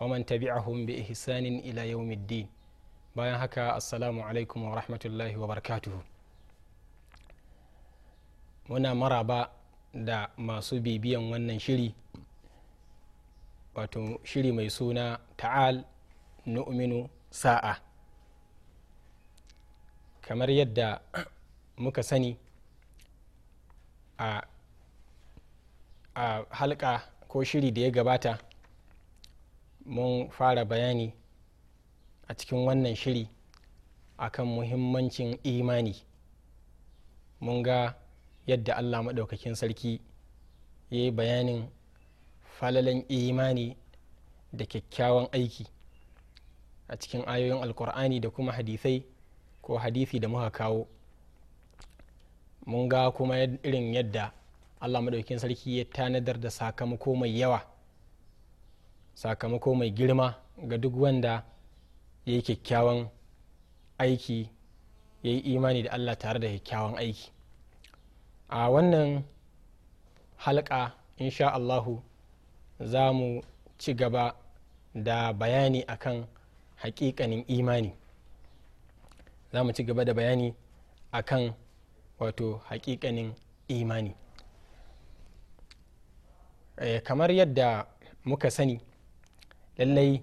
waman tabi'ahum bi ihsanin ila yawmiddin bayan haka assalamu alaikum wa rahmatullahi wa barakatuhu muna maraba da masu bibiyan wannan shiri wato shiri mai suna ta'al nu'minu sa'a kamar yadda muka sani a, a halka ko shiri da ya gabata mun fara bayani a cikin wannan shiri akan muhimmancin imani mun ga yadda allah maɗaukakin sarki ya yi bayanin falalan imani da kyakkyawan aiki a cikin ayoyin alkur'ani da kuma hadisai ko hadisi da muka kawo mun ga kuma irin yadda allah maɗaukakin sarki ya tanadar da sakamako mai yawa sakamako mai girma ga duk wanda ya yi kyakkyawan aiki ya yi imani da allah tare da kyakkyawan aiki a wannan halka insha allahu za mu ci gaba da bayani akan hakikanin imani za mu ci gaba da bayani akan wato hakikanin imani eh, kamar yadda muka sani lallai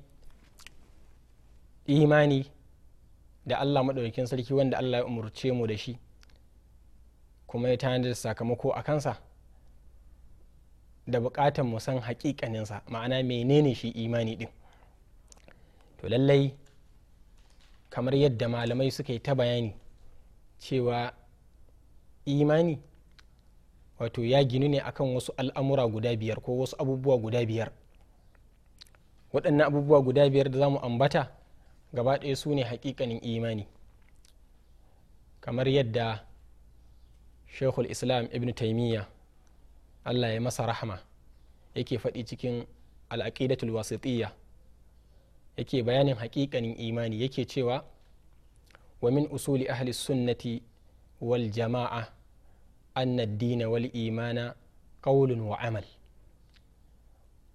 imani da allah maɗaukin sarki wanda allah ya umarce mu da shi kuma ya tanadar sakamako a kansa da buƙatar mu san haƙiƙaninsa ma'ana menene shi imani ɗin to lallai kamar yadda malamai suka yi ta bayani cewa imani wato ya ginu ne akan wasu al'amura guda biyar ko wasu abubuwa guda biyar waɗannan abubuwa guda biyar da za mu ambata gaba ɗaya su ne haƙiƙanin imani kamar yadda shekul islam ibn taimiyya allah ya masa rahama yake faɗi cikin al'aqidatul wasitiyya yake bayanin haƙiƙanin imani yake cewa wa min usuli ahli sunnati wal jama'a an dina wal imana qawlun wa amal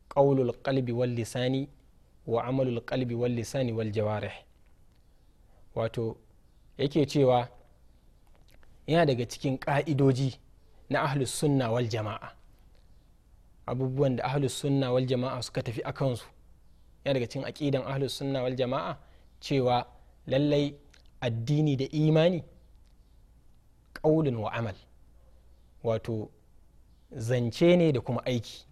ƙaulul qalbi wal lisani wa amalul qalbi wal lisani wal jawarih wato yake cewa yana daga cikin ƙa'idoji na ahlus sunna wal jama'a abubuwan da ahlus sunna wal jama'a suka tafi a kansu yana daga cikin aƙidan ahlus sunna wal jama'a cewa lallai addini da imani ƙaulun wa amal wato zance ne da kuma aiki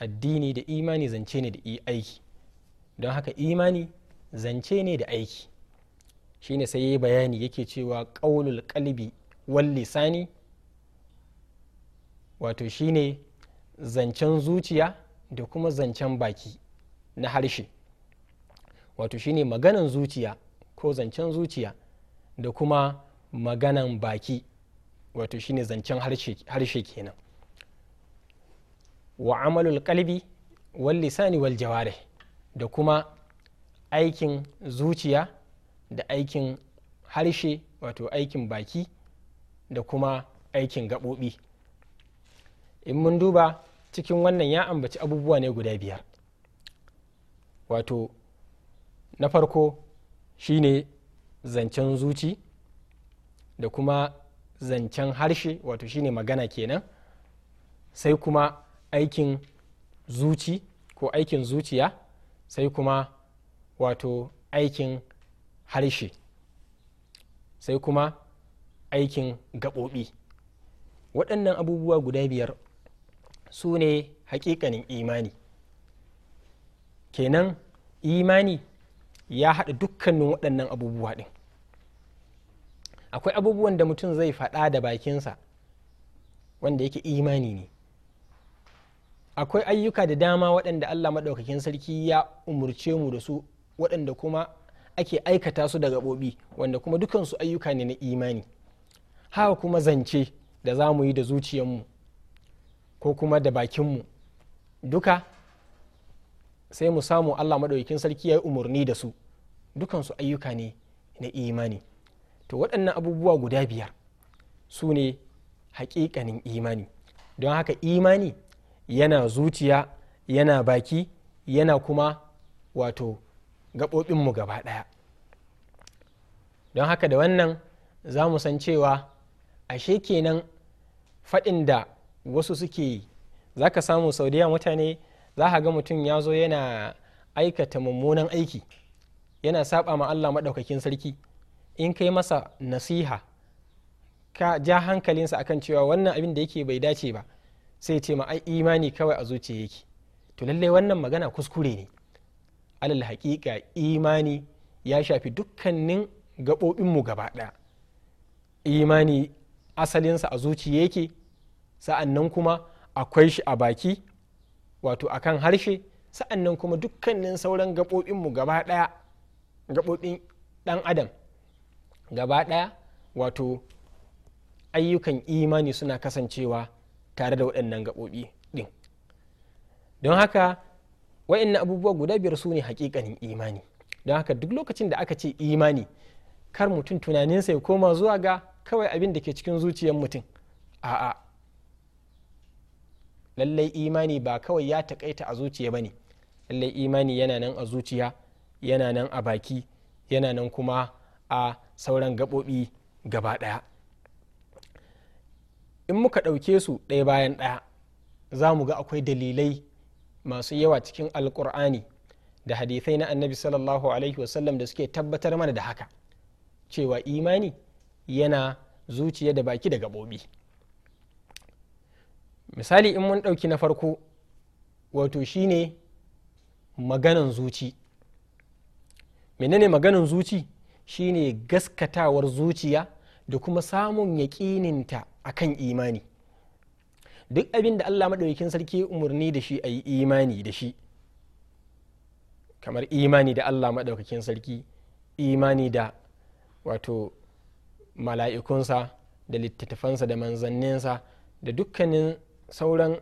addini da imani zance ne da aiki don haka imani zance ne da aiki shine sai ya bayani yake cewa ƙaunul kalbi wal lisani wato shine zancen zuciya da kuma zancen baki na harshe wato shine maganan zuciya ko zancen zuciya da kuma maganan baki wato shine zancen harshe kenan wa amalul kalbi wal lisani wal da kuma aikin zuciya da aikin harshe wato aikin baki da kuma aikin gaɓoɓi in mun duba cikin wannan ya ambaci abubuwa ne guda biyar wato na farko shine zancen zuci da kuma zancen harshe wato shine magana kenan sai kuma aikin zuci ko aikin zuciya sai kuma wato aikin harshe sai kuma aikin gaɓoɓi waɗannan abubuwa guda biyar su ne hakikanin imani kenan imani ya haɗa dukkanin waɗannan abubuwa ɗin akwai abubuwan da mutum zai faɗa da bakinsa wanda yake imani ne akwai ayyuka da dama waɗanda allah maɗaukakin sarki ya umurce mu da su waɗanda kuma ake aikata su da gaɓoɓi wanda kuma dukansu ayyuka ne na imani haka kuma zance da za mu yi da zuciyarmu ko kuma da bakinmu duka sai mu samu allah maɗaukakin sarki ya yi umarni da su dukansu ayyuka ne na imani to waɗannan abubuwa guda biyar su ne hakikanin imani don haka imani yana zuciya yana baki yana kuma wato gaɓoɓinmu gaba ɗaya don haka da wannan za mu san cewa ashe kenan faɗin da wasu suke yi za ka samu saudiya mutane za ka ga mutum ya zo yana aikata mummunan aiki yana saba ma allah maɗaukakin sarki in kai masa nasiha ka ja hankalinsa akan cewa wannan abin da yake bai dace ba sai ce ma ai imani kawai a zuciya yake to lallai wannan magana kuskure ne alal haƙiƙa imani ya shafi dukkanin gaɓoɓinmu gaba ɗaya imani asalinsa a zuciya yake sa'annan kuma akwai shi a baki wato akan harshe sa'annan kuma dukkanin sauran gaɓoɓinmu gaba ɗaya gaɓoɓin ɗan adam gaba ɗaya wato ayyukan imani suna kasancewa tare da waɗannan gaɓoɓi ɗin don haka wa'in abubuwa guda biyar su ne hakikanin imani don haka duk lokacin da aka ce imani kar mutum tunaninsa ya koma zuwa ga kawai abin da ke cikin zuciyar mutum a'a lallai imani ba kawai ya takaita a zuciya ba ne lallai imani yana nan a zuciya yana nan a baki yana nan kuma a sauran gaɓoɓi gaba ɗaya in muka ɗauke su ɗaya bayan ɗaya za mu ga akwai dalilai masu yawa cikin alkur'ani da hadithai na annabi sallallahu alaihi wasallam da suke tabbatar mana da haka cewa imani yana zuciya da baki da gaɓoɓi misali in mun ɗauki na farko wato shine maganan zuci menene maganan zuci shine gaskatawar zuciya da kuma samun yaƙininta a kan imani duk abin da allah maɗaukin sarki umarni da shi a yi imani da shi kamar imani da allah maɗaukakin sarki imani da wato mala'ikunsa da littattafansa da manzanninsa da dukkanin sauran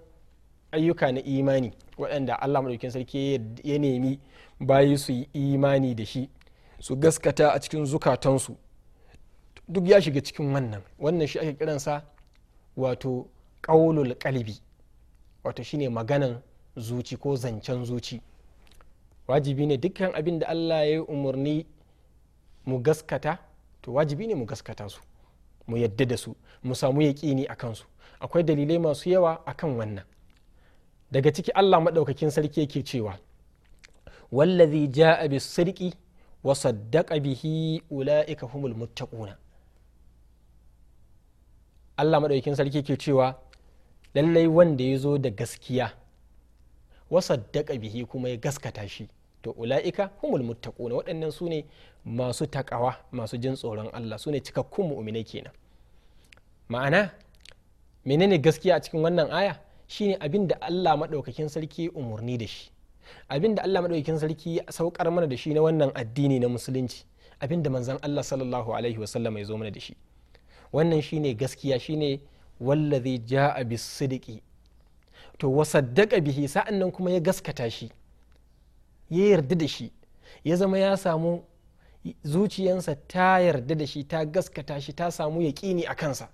ayyuka na imani waɗanda allah maɗaukin sarki ya nemi bayi su yi imani da shi su gaskata a cikin zukatansu duk ya shiga cikin wannan wannan shi ake kiransa wato ƙaulul ƙalibi wato shine maganan zuci ko zancen zuci wajibi ne dukkan abin da allah ya yi umarni mu gaskata to wajibi ne mu gaskata su mu yadda da su mu samu yaƙini a kansu akwai dalilai masu yawa a kan wannan daga ciki allah maɗaukakin sarki yake cewa wallazi ja'a bis sirki wa saddaqa bihi ula'ika humul muttaquna allah maɗaukin sarki ke cewa lallai wanda ya zo da gaskiya daga bihi kuma ya gaskata shi to ula'ika humul muttaquna waɗannan su ne masu takawa masu jin tsoron Allah su ne cikakkun mu'minai kenan ma'ana menene gaskiya a cikin wannan aya shine abin da Allah maɗaukakin sarki umarni da shi abin da Allah maɗaukakin sarki ya saukar mana da shi na wannan addini na musulunci abin da manzon Allah sallallahu alaihi wasallam ya zo mana da shi wannan shine gaskiya shine wallazi ja'a bis sidiki to wasaddaqa bihi sa'annan kuma ya gaskata shi ya yarda da shi ya zama ya samu zuciyansa ta yarda da shi ta gaskata shi ta samu yaƙini a kansa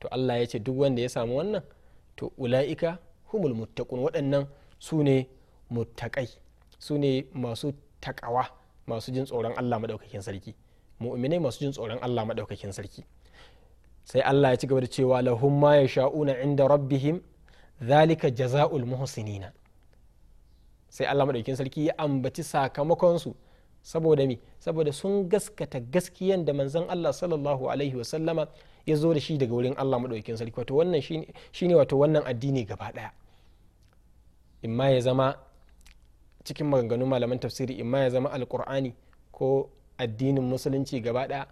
to Allah ya ce duk wanda ya samu wannan to ula'ika humul muttaqun waɗannan su ne muttaƙai su ne masu taƙawa masu jin tsoron Allah maɗaukakin sarki mu'minai masu jin tsoron Allah maɗaukakin sarki sai Allah ya ci gaba da cewa lahum ma yasha'una inda rabbihim zalika jaza'ul muhsinina sai Allah maɗaukakin sarki ya ambaci sakamakon su saboda mi saboda sun gaskata gaskiyan da manzon Allah sallallahu alaihi wa sallama ya zo da shi daga wurin Allah maɗaukakin sarki wato wannan shine wato wannan addini gaba ɗaya imma ya zama cikin maganganun malaman tafsiri imma ya zama alkur'ani ko addinin musulunci gaba ɗaya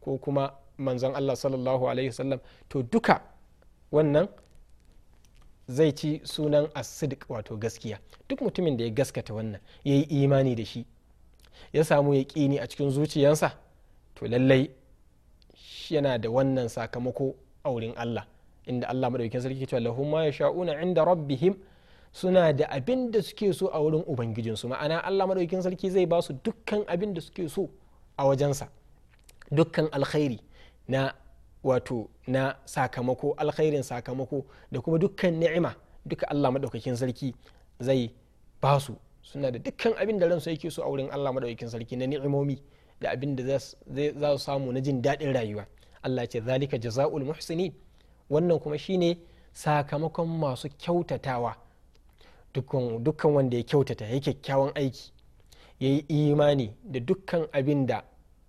ko kuma manzon allah sallallahu alaihi wasallam to duka wannan zai ci sunan asidik wato gaskiya duk mutumin da ya gaskata wannan ya yi imani da shi ya samu ya ƙini a cikin zuciyansa to lallai yana da wannan sakamako a wurin allah inda allah maɗaukin sarki ke cewa lahum ma yasha'una inda rabbihim suna da abin da suke so a wurin ubangijinsu ma'ana allah maɗaukin sarki zai ba su dukkan abin da suke so a wajensa dukkan alkhairi na wato na sakamako alkhairin sakamako da kuma dukkan ni'ima duka Allah maɗaukakin sarki zai ba su suna da dukkan abin da ransu yake so a wurin Allah maɗaukakin sarki na ni'imomi da abin da za su samu na jin daɗin rayuwa Allah ce zalika jaza'ul muhsinin wannan kuma shine sakamakon masu kyautatawa dukkan wanda ya kyautata ya kyakkyawan aiki ya yi imani da dukkan abin da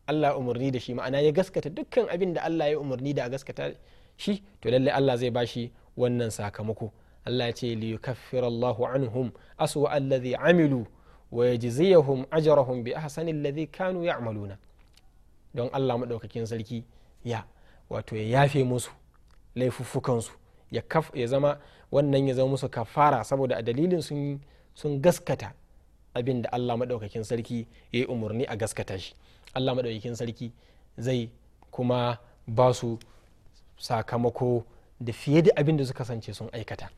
allah umarni da shi ma'ana ya gaskata dukkan abin da allah ya umarni da a gaskata shi to lalle allah zai bashi wannan sakamako allah ya ce li yukaffira allahu anhum aswa allazi amilu wa yajziyahum ajrahum bi ahsani alladhi kanu ya'maluna don allah madaukakin sarki ya wato ya yafe musu laifuffukansu ya zama wannan ya zama musu kafara saboda a dalilin sun gaskata abin da Allah maɗaukakin sarki ya yi umarni a gaskata shi Allah maɗaukakin sarki zai kuma ba su sakamako da fiye da abin da suka sance sun aikata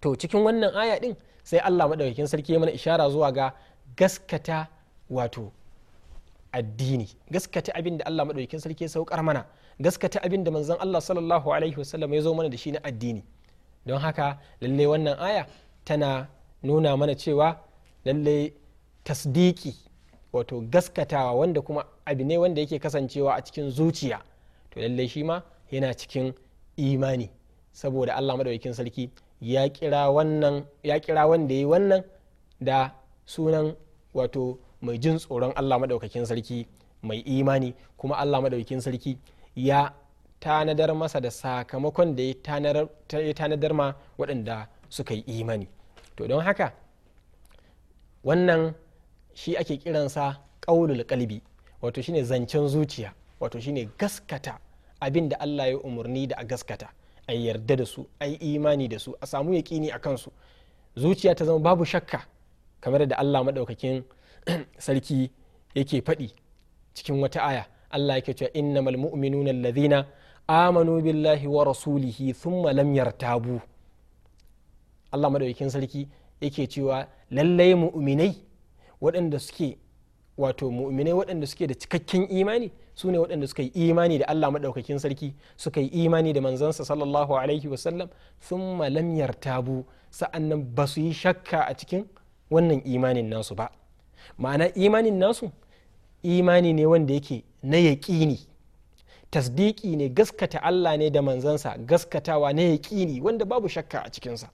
to cikin wannan aya ɗin sai Allah maɗaukakin sarki ya mana ishara zuwa ga gaskata wato addini gaskata abin da Allah maɗaukakin sarki ya saukar mana gaskata abin da manzon Allah sallallahu alaihi wasallam ya zo mana da shi na addini don haka lalle wannan aya tana nuna mana cewa lallai tasdiki wato gaskatawa wanda kuma abu ne wanda yake kasancewa a cikin zuciya to lallai shi ma yana cikin imani saboda allah maɗaukakin sarki ya kira wanda ya yi wannan da sunan wato mai jin tsoron allah maɗaukakin sarki mai imani kuma allah maɗaukakin sarki ya tanadar masa da sakamakon da ya tanadar ma waɗanda suka yi imani to don haka wannan shi ake kiransa ƙaulul kalbi wato shine zancen zuciya wato shine gaskata abin da Allah ya umarni da a gaskata a yarda da su a imani da su a samu ya kini a kansu zuciya ta zama babu shakka kamar da Allah maɗaukakin sarki yake faɗi cikin wata aya Allah yake cewa innamal mu'minuna allazina amanu billahi wa rasulihi thumma lam yartabu Allah maɗaukakin sarki yake cewa lallai mu'minai waɗanda suke wato mu'minai waɗanda suke da cikakken imani su ne waɗanda suka yi imani da Allah maɗaukakin sarki suka yi imani da manzansa sallallahu alaihi wasallam sun tabu sa'an sa'annan ba su yi shakka a cikin wannan imanin nasu ba ma'ana imanin nasu imani ne wanda yake na yaƙini tasdiki ne gaskata Allah ne da manzansa gaskatawa na yaƙini wanda babu shakka a cikinsa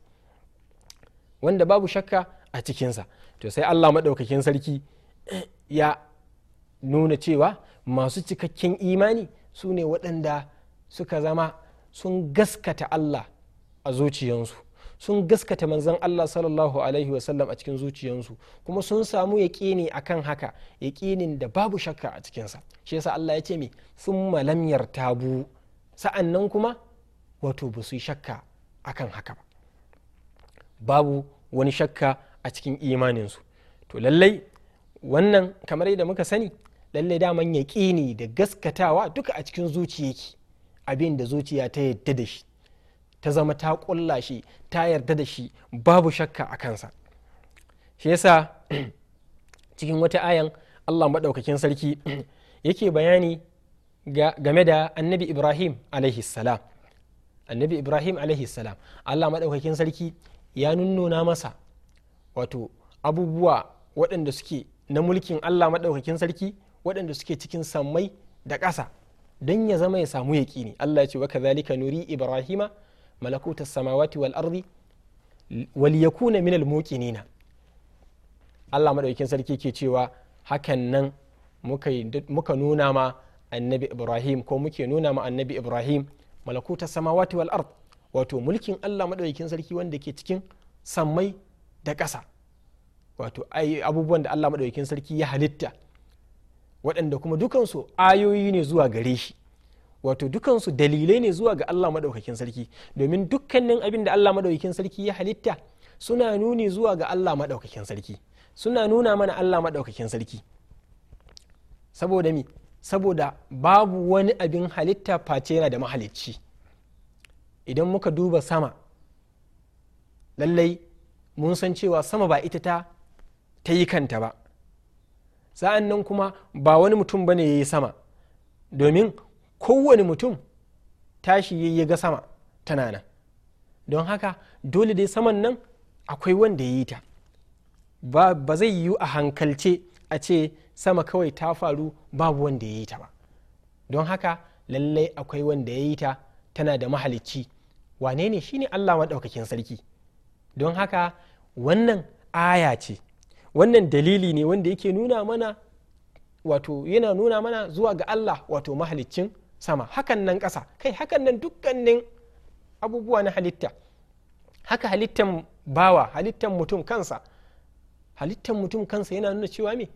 wanda babu shakka a cikinsa to sai allah maɗaukakin sarki eh, ya nuna cewa masu cikakken imani su ne waɗanda suka zama sun gaskata allah a zuciyansu sun gaskata manzan Allah sallallahu alaihi wasallam a cikin zuciyansu kuma sun samu yaƙini akan haka yaƙinin da babu shakka a cikinsa shi yasa Allah ya ce mai sun malamyar tabu sa'annan kuma wato ba su shakka akan haka ba babu wani shakka a cikin imaninsu to lallai wannan kamar yadda muka sani lallai daman ne da gaskatawa duka a cikin zuciya abin da zuciya ta yarda da shi ta zama ta ƙulla shi ta yarda da shi babu shakka a kansa shi yasa cikin wata ayan allah maɗaukakin sarki yake bayani game da annabi ibrahim alaihi salam annabi ibrahim alaihi salam allah maɗaukakin sarki ya nunnuna masa wato abubuwa waɗanda suke na mulkin allah maɗaukakin sarki waɗanda suke cikin sammai da ƙasa don ya zama ya samu yaƙi ne allah ya ce wa kazalika nuri ibrahima malakutas samawati wal ardi wal yakuna min al muqinina allah maɗaukakin sarki ke cewa hakan nan muka nuna ma annabi ibrahim ko muke nuna ma annabi ibrahim malakutas samawati wal ardi wato mulkin Allah maɗaukakin sarki wanda ke cikin sammai da ƙasa wato abubuwan da Allah maɗaukakin sarki ya halitta waɗanda kuma dukansu ayoyi ne zuwa gare shi wato dukansu dalilai ne zuwa ga Allah maɗaukakin sarki domin dukkanin abin da Allah maɗaukakin sarki ya halitta suna nuni zuwa ga Allah maɗaukakin sarki suna nuna mana Allah maɗaukakin sarki saboda mi saboda babu wani abin halitta face yana da mahalicci idan muka duba sama lallai mun san cewa sama ba ita ta yi kanta ba sa'an nan kuma ba wani mutum ba ne ya yi sama domin kowane mutum tashi ya ga sama tana nan don haka dole dai saman nan akwai wanda ya yi ta ba zai yiwu a hankalce a ce sama kawai ta faru babu wanda ya yi ta ba don haka lallai akwai wanda ya yi ta tana da mahalicci wane ne shine Allah maɗaukakin sarki don haka wannan aya ce wannan dalili ne wanda yake nuna mana wato yana nuna mana zuwa ga Allah wato mahaliccin sama hakan nan ƙasa kai hakan nan dukkanin abubuwa na halitta haka halittan bawa halittan mutum kansa halittan mutum kansa yana nuna cewa me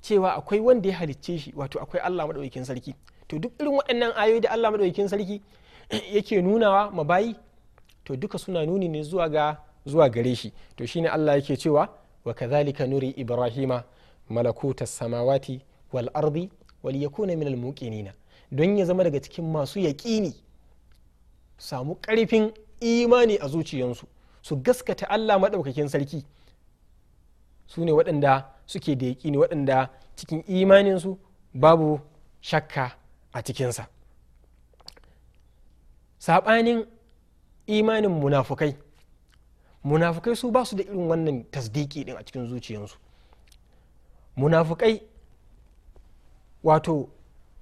cewa akwai wanda ya halicce shi wato akwai Allah maɗaukakin sarki to duk irin waɗannan ayoyi da Allah maɗaukakin sarki yake nunawa ma bayi to duka suna nuni ne zuwa ga zuwa gare shi to shine Allah yake cewa wa kadhalika nuri ibrahima malakuta samawati wal ardi wal yakuna minal muqinina don ya zama daga cikin masu yaƙini samu karfin imani a zuciyansu su gaskata Allah madaukakin sarki su ne waɗanda suke da yaƙini waɗanda cikin imaninsu babu shakka a cikinsa saɓanin imanin munafukai munafukai su ba su da irin wannan tasdiki din a cikin zuciyarsu munafukai wato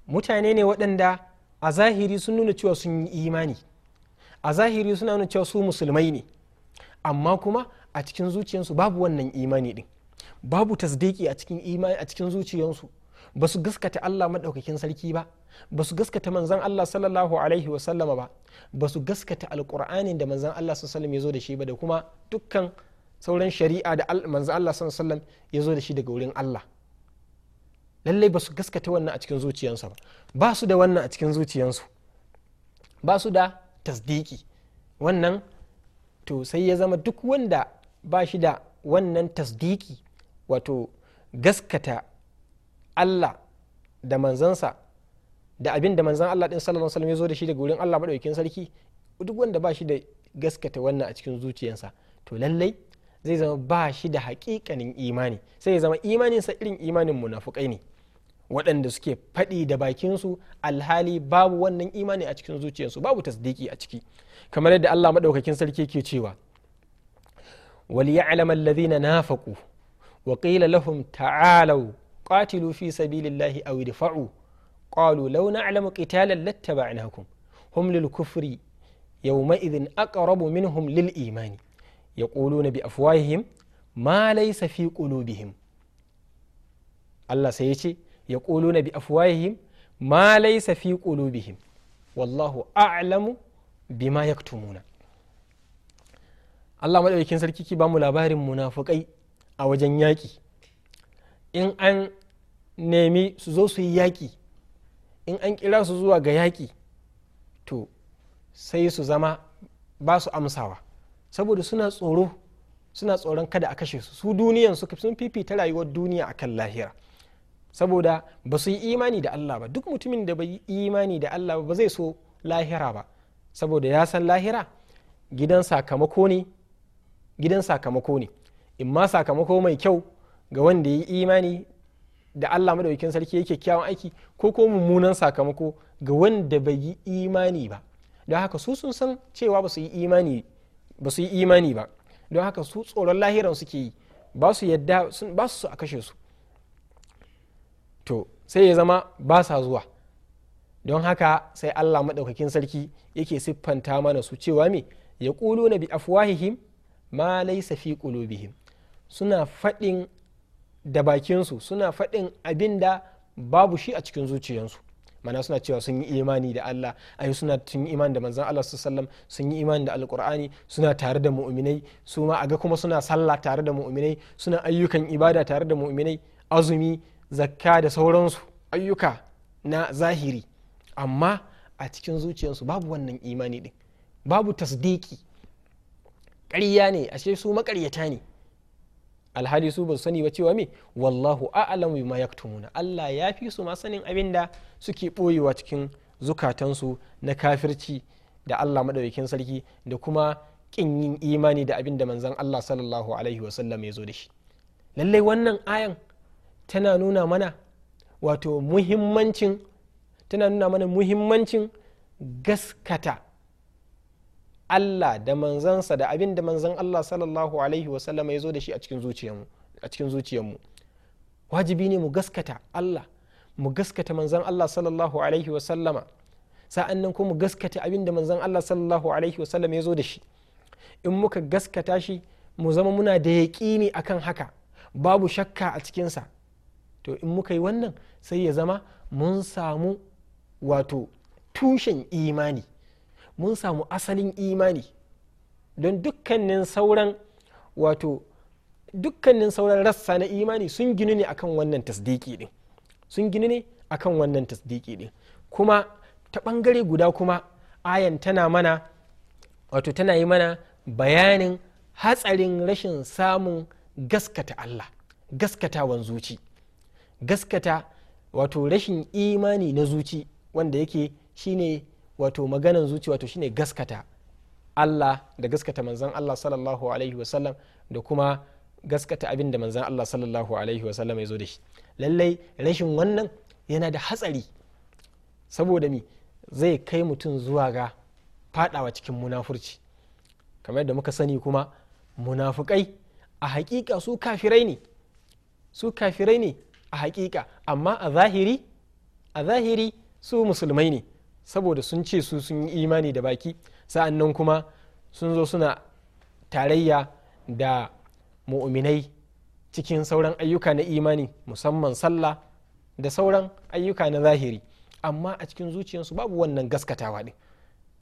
mutane ne waɗanda a zahiri sun nuna cewa sun yi imani a zahiri suna nuna cewa su musulmai ne amma kuma a cikin zuciyarsu babu wannan imani din babu tasdiki a cikin zuciyarsu ba su gaskata Allah maɗaukakin sarki ba ba su gaskata manzan Allah sallallahu alaihi wa sallama ba ba su gaskata Alƙur'ani da manzan Allah sallallahu ya zo da shi ba da kuma dukkan sauran shari'a da manzan Allah sallallahu ya zo da shi daga wurin Allah lallai ba su gaskata wannan a cikin zuciyansu ba ba su da wannan a cikin zuciyansu ba su da tasdiki wannan to sai ya zama duk wanda ba shi da wannan tasdiki wato gaskata Allah da manzansa da abin da manzan Allah din sallallahu alaihi wasallam ya zo da shi daga wurin Allah madaukakin sarki duk wanda ba shi da gaskata wannan a cikin zuciyarsa to lallai zai zama ba shi da hakikanin imani sai ya zama imaninsa irin imanin munafukai ne waɗanda suke faɗi da bakinsu alhali babu wannan imani a cikin zuciyarsu babu tasdiki a ciki kamar yadda Allah maɗaukakin sarki ke cewa wal ya'lamal ladina nafaqu wa qila lahum ta'alu qatilu fi sabilillahi aw idfa'u qalu law na'lamu qitalan lattaba'nakum hum lil kufri yawma'idhin aqrabu minhum lil imani yaquluna bi afwahihim ma laysa fi qulubihim Allah sai ya yaquluna bi afwahihim ma laysa fi qulubihim wallahu a'lamu bima yaktumuna Allah madaukakin sarki ki bamu labarin munafukai a wajen yaƙi in an nemi su zo su yi yaƙi in an kira su zuwa ga yaƙi to sai su zama ba su amsawa saboda suna tsoro suna tsoron kada a kashe su su duniyan su sun fifita rayuwar duniya akan lahira saboda ba su yi imani da Allah ba duk mutumin da bai yi imani da Allah ba zai so lahira ba saboda ya san lahira gidan sakamako ne gidan sakamako ne in ma sakamako mai kyau ga wanda ya yi imani da Allah madaukakin sarki yake kyawun aiki ko ko mummunan sakamako ga wanda bai yi imani ba don haka su sun san cewa ba su yi imani ba su yi imani ba don haka su tsoron lahiran suke yi ba su yadda ba su a kashe su to sai ya zama ba sa zuwa don haka sai Allah madaukakin sarki yake siffanta mana su cewa me ya na bi afwahihim ma laysa fi qulubihim suna faɗin da bakinsu suna faɗin abin da babu shi a cikin zuciyansu mana suna cewa sun yi imani da Allah ayi suna sun yi imani da manzon Allah sallam sun yi imani da alkur'ani suna tare da mu'minai su ma aga kuma suna sallah tare da mu'minai suna ayyukan ibada tare da mu'minai azumi zakka da sauransu ayyuka na zahiri amma a cikin zuciyarsu babu wannan imani din babu tasdiki ƙarya ne ashe su maƙaryata ne alhali su ba su sani ba cewa me wallahu a'lamu bima yaktumuna Allah ya fi su ma sanin abin da suke boyewa cikin zukatansu na kafirci da Allah madaukakin sarki da kuma kin yin imani da abin da manzon Allah sallallahu alaihi wa sallam ya zo da shi lallai wannan ayan tana nuna mana wato muhimmancin tana nuna mana muhimmancin gaskata Allah da manzansa da abin da manzan Allah sallallahu alaihi wasallama ya zo da shi a cikin zuciyarmu wajibi ne mu gaskata Allah mu gaskata manzan Allah sallallahu alaihi wasallama sa'an nan kuma mu gaskata abin da manzan Allah sallallahu alaihi wasallama ya zo da shi in muka gaskata shi mu zama muna da yaƙini akan haka babu shakka a cikinsa to in muka yi wannan sai ya zama mun samu wato tushen imani mun samu asalin imani don dukkanin sauran wato dukkanin sauran rassa na imani sun gini ne akan wannan tasdiki din sun gini ne akan wannan tasdiki din kuma ta bangare guda kuma ayan tana mana wato tana yi mana bayanin hatsarin rashin samun gaskata Allah gaskatawan zuci gaskata wato rashin imani na zuci wanda yake shine wato maganan zuci wato shine gaskata Allah da gaskata manzan Allah sallallahu alaihi wasallam da kuma gaskata abin da manzan Allah sallallahu alaihi wasallam ya zo da shi lallai rashin wannan yana da hatsari saboda mi zai kai mutum zuwa ga fadawa cikin munafurci kamar da muka sani kuma munafukai a hakika su kafirai ne su kafirai ne a hakika amma a zahiri a zahiri su musulmai ne saboda sun ce su sun yi imani da baki sa'an nan kuma sun zo suna tarayya da mu'uminai cikin sauran ayyuka na imani musamman sallah da sauran ayyuka na zahiri amma a cikin zuciyarsu babu wannan gaskatawa din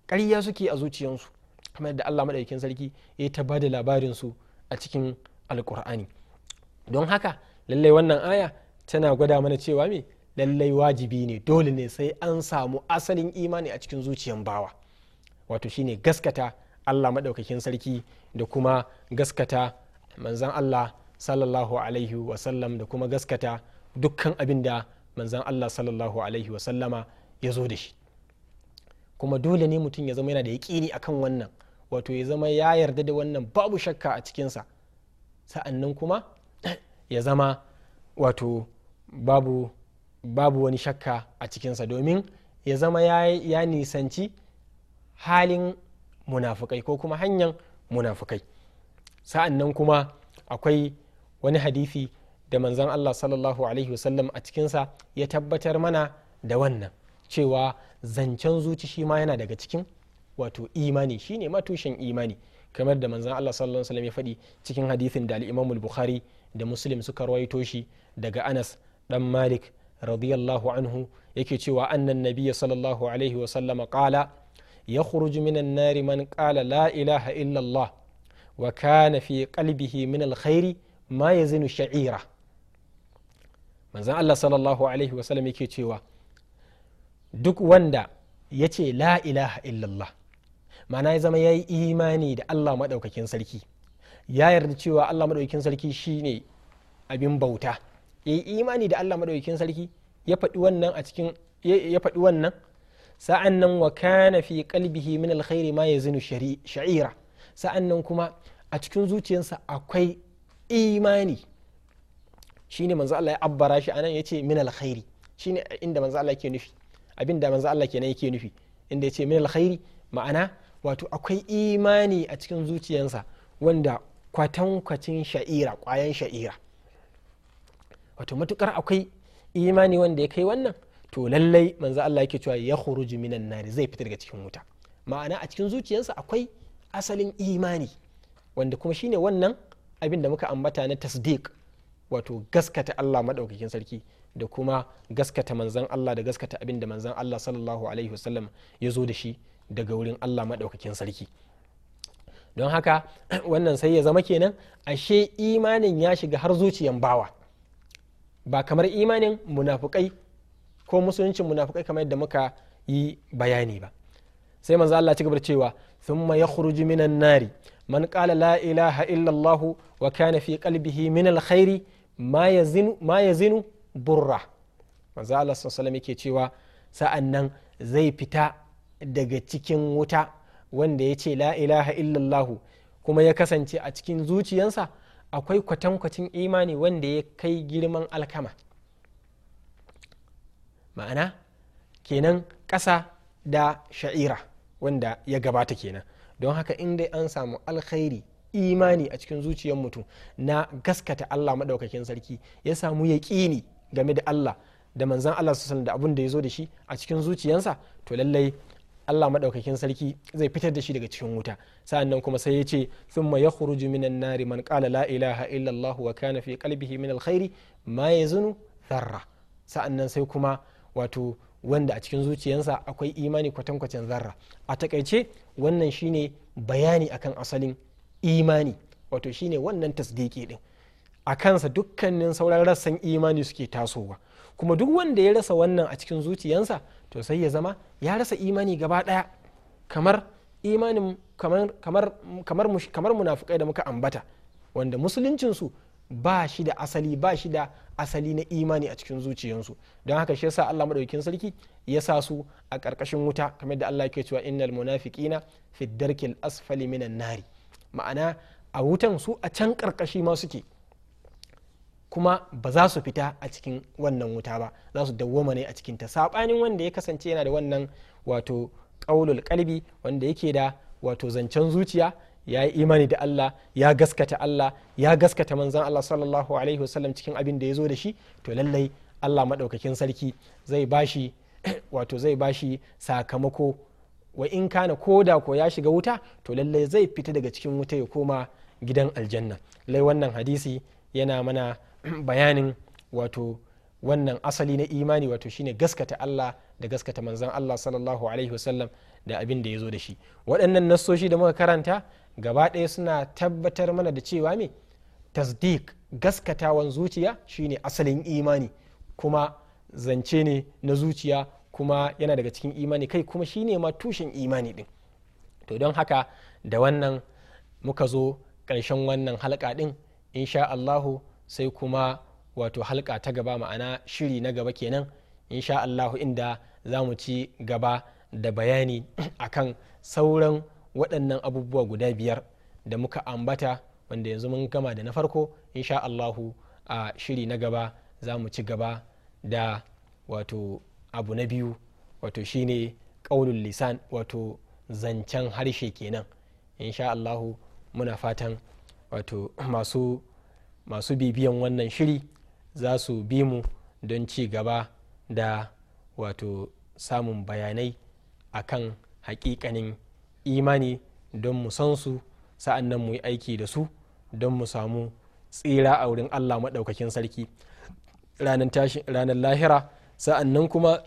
ƙarya suke a zuciyarsu kamar da allah maɗaukin sarki ya ta da labarinsu a cikin alkur'ani don haka lallai wannan aya tana gwada mana cewa me lallai wajibi ne dole ne sai an samu asalin imani a cikin zuciyan bawa wato shine gaskata allah maɗaukakin sarki da kuma gaskata manzan allah sallallahu alaihi wasallam da kuma gaskata dukkan abin da manzan allah sallallahu alaihi wasallama ya zo da shi kuma dole ne mutum ya zama yana da yaƙini akan wannan wato ya zama ya yarda da wannan babu shakka a cikinsa sa'annan kuma ya zama wato babu babu wani shakka a cikinsa domin ya zama ya nisanci halin munafukai ko kuma hanyar munafukai sa'an nan kuma akwai wani hadithi da manzan Allah sallallahu alaihi wasallam a cikinsa ya tabbatar mana da wannan cewa zancen zuci shi ma yana daga cikin wato imani shi ne matushin imani kamar da manzan Allah sallallahu alaihi ya faɗi cikin hadithin da alimamul bukhari da Muslim suka rawaito shi daga Anas ɗan Malik radiyallahu anhu yake cewa annan nabiya sallallahu alaihi wa sallama qala yakhruju minan nari man qala la ilaha illa Allah wa kana fi qalbihi min alkhairi ma yazinu sha'ira manzon Allah sallallahu alaihi wa sallam yake cewa duk wanda ya ce la ilaha illallah ma'ana ya zama ya yi imani da Allah maɗaukakin sarki ya yarda cewa Allah maɗaukakin sarki shine abin bauta ya yi imani da Allah madaukakin sarki ya faɗi wannan a cikin ya faɗi wannan sa'an nan wa kana fi qalbihi min alkhairi ma yazinu sha'ira sa'an nan kuma a cikin zuciyarsa akwai imani shine manzo Allah ya abbara shi anan yace min alkhairi shine inda manzo Allah yake nufi abinda manzo Allah kenan yake nufi inda yace min alkhairi ma'ana wato akwai imani a cikin zuciyarsa wanda kwatankwacin sha'ira kwayan sha'ira wato matukar akwai imani wanda ya kai wannan to lallai manzo Allah yake cewa ya khuruju minan nari zai fita daga cikin wuta ma'ana a cikin zuciyarsa akwai asalin imani wanda kuma shine wannan abin da muka ambata na tasdiq wato gaskata Allah madaukakin sarki da kuma gaskata manzan Allah da gaskata abin da manzan Allah sallallahu alaihi wasallam ya zo da shi daga wurin Allah madaukakin sarki don haka wannan sai ya zama kenan ashe imanin ya shiga har zuciyan bawa ba kamar imanin munafukai ko musuluncin munafukai kamar yadda muka yi bayani ba sai manzo Allah ci gaba cewa thumma yakhruju minan nari man qala la ilaha illa Allah wa kana fi qalbihi min alkhairi ma yazinu ma yazinu burra manzo Allah sallallahu yake cewa sa'annan zai fita daga cikin wuta wanda ya ce la ilaha Allah kuma ya kasance a cikin zuciyarsa akwai kwatankwacin imani wanda ya kai girman alkama ma'ana kenan ƙasa da sha'ira wanda ya gabata kenan don haka inda dai an samu alkhairi imani a cikin zuciyar mutum na gaskata allah maɗaukakin sarki ya samu yaƙini game da allah da manzan allah su da abun da ya zo da shi a cikin zuciyarsa to lallai Allah madaukakin sarki zai fitar da shi daga cikin wuta sa'an nan kuma sai ya ce thumma yakhruju minan nari man qala la ilaha illa Allah wa kana fi qalbihi min alkhairi ma yazunu dharra nan sai kuma wato wanda a cikin zuciyarsa akwai imani kwatankwacin zarra a takaice wannan shine bayani akan asalin imani wato shine wannan tasdiki din a kansa dukkanin sauran rassan imani suke tasowa kuma duk wanda ya rasa wannan a cikin zuciyansa to sai ya zama ya rasa imani gaba daya kamar imanin kamar kamar da muka ambata wanda musuluncinsu ba shi da asali ba shi da asali na imani a cikin zuciyansu don haka shi yasa Allah madaukakin sarki ya sa su a ƙarƙashin wuta kamar da Allah ke cewa innal munafiqina fi darkil asfali minan nari ma'ana a wutan su a can ƙarƙashi ma suke kuma ba za su fita a cikin wannan wuta ba za su dawoma ne a cikin ta sabanin wanda ya kasance yana da wannan wato qaulul kalbi wanda yake da wato zancen zuciya ya yi imani da Allah ya gaskata Allah ya gaskata manzon Allah sallallahu alaihi wasallam cikin abin da ya zo da shi to lallai Allah madaukakin sarki zai bashi wato zai bashi sakamako wa in kana koda ko ya shiga wuta to lallai zai fita daga cikin wuta ya koma gidan aljanna lai wannan hadisi yana mana bayanin wato wannan asali na imani wato shine gaskata Allah da gaskata manzan Allah sallallahu alaihi wasallam da abin da ya zo da shi waɗannan nassoshi da muka karanta gaba ɗaya suna tabbatar mana da cewa me tasdik gaskatawan zuciya shine asalin imani kuma zance ne na zuciya kuma yana daga cikin imani kai kuma shine ma tushen imani din to don haka da wannan muka zo ƙarshen wannan halka din insha Allahu sai kuma wato halka ta gaba ma'ana shiri na gaba kenan insha allahu inda za mu ci gaba da bayani akan sauran waɗannan abubuwa guda biyar da muka ambata wanda yanzu mun gama da na farko insha allahu a shiri na gaba za mu ci gaba da wato abu na biyu wato shine ƙaunin lisan wato zancen harshe kenan insha allahu muna fatan wato masu masu bibiyan wannan shiri za su bi mu don ci gaba da wato samun bayanai a kan hakikanin imani don mu san su sa'an nan mu yi aiki da su don mu samu tsira a wurin allah maɗaukakin sarki ranar lahira sa'an nan kuma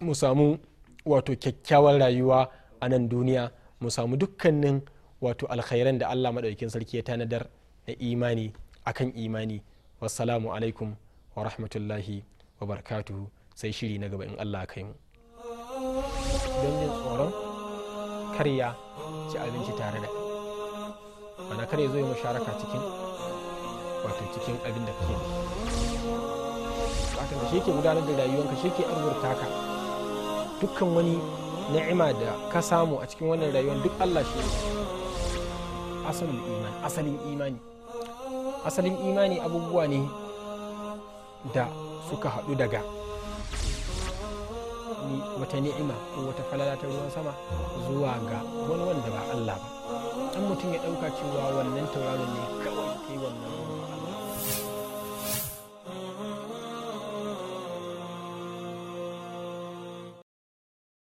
mu samu wato kyakkyawar rayuwa a nan duniya mu samu dukkanin wato alkhairan da allah maɗaukakin sarki ya tanadar da imani akan imani wassalamu alaikum wa rahmatullahi wa barakatuhu sai shiri na gaba in allah kai mu don jin tsoron karya ci abinci tare da mana karya zo yi musharaka cikin wato cikin abin da kake da wato shi ke gudanar da rayuwanka shi ke arzurta ka dukkan wani ni'ima da ka samu a cikin wannan rayuwar duk Allah shi ne asalin imani asalin imani asalin imani abubuwa ne da suka haɗu daga wata ni'ima ko wata falala ta ruwan sama zuwa ga wani wanda ba Allah ba an mutum ya ɗauka cewa wannan tauraron ne kawai kai wannan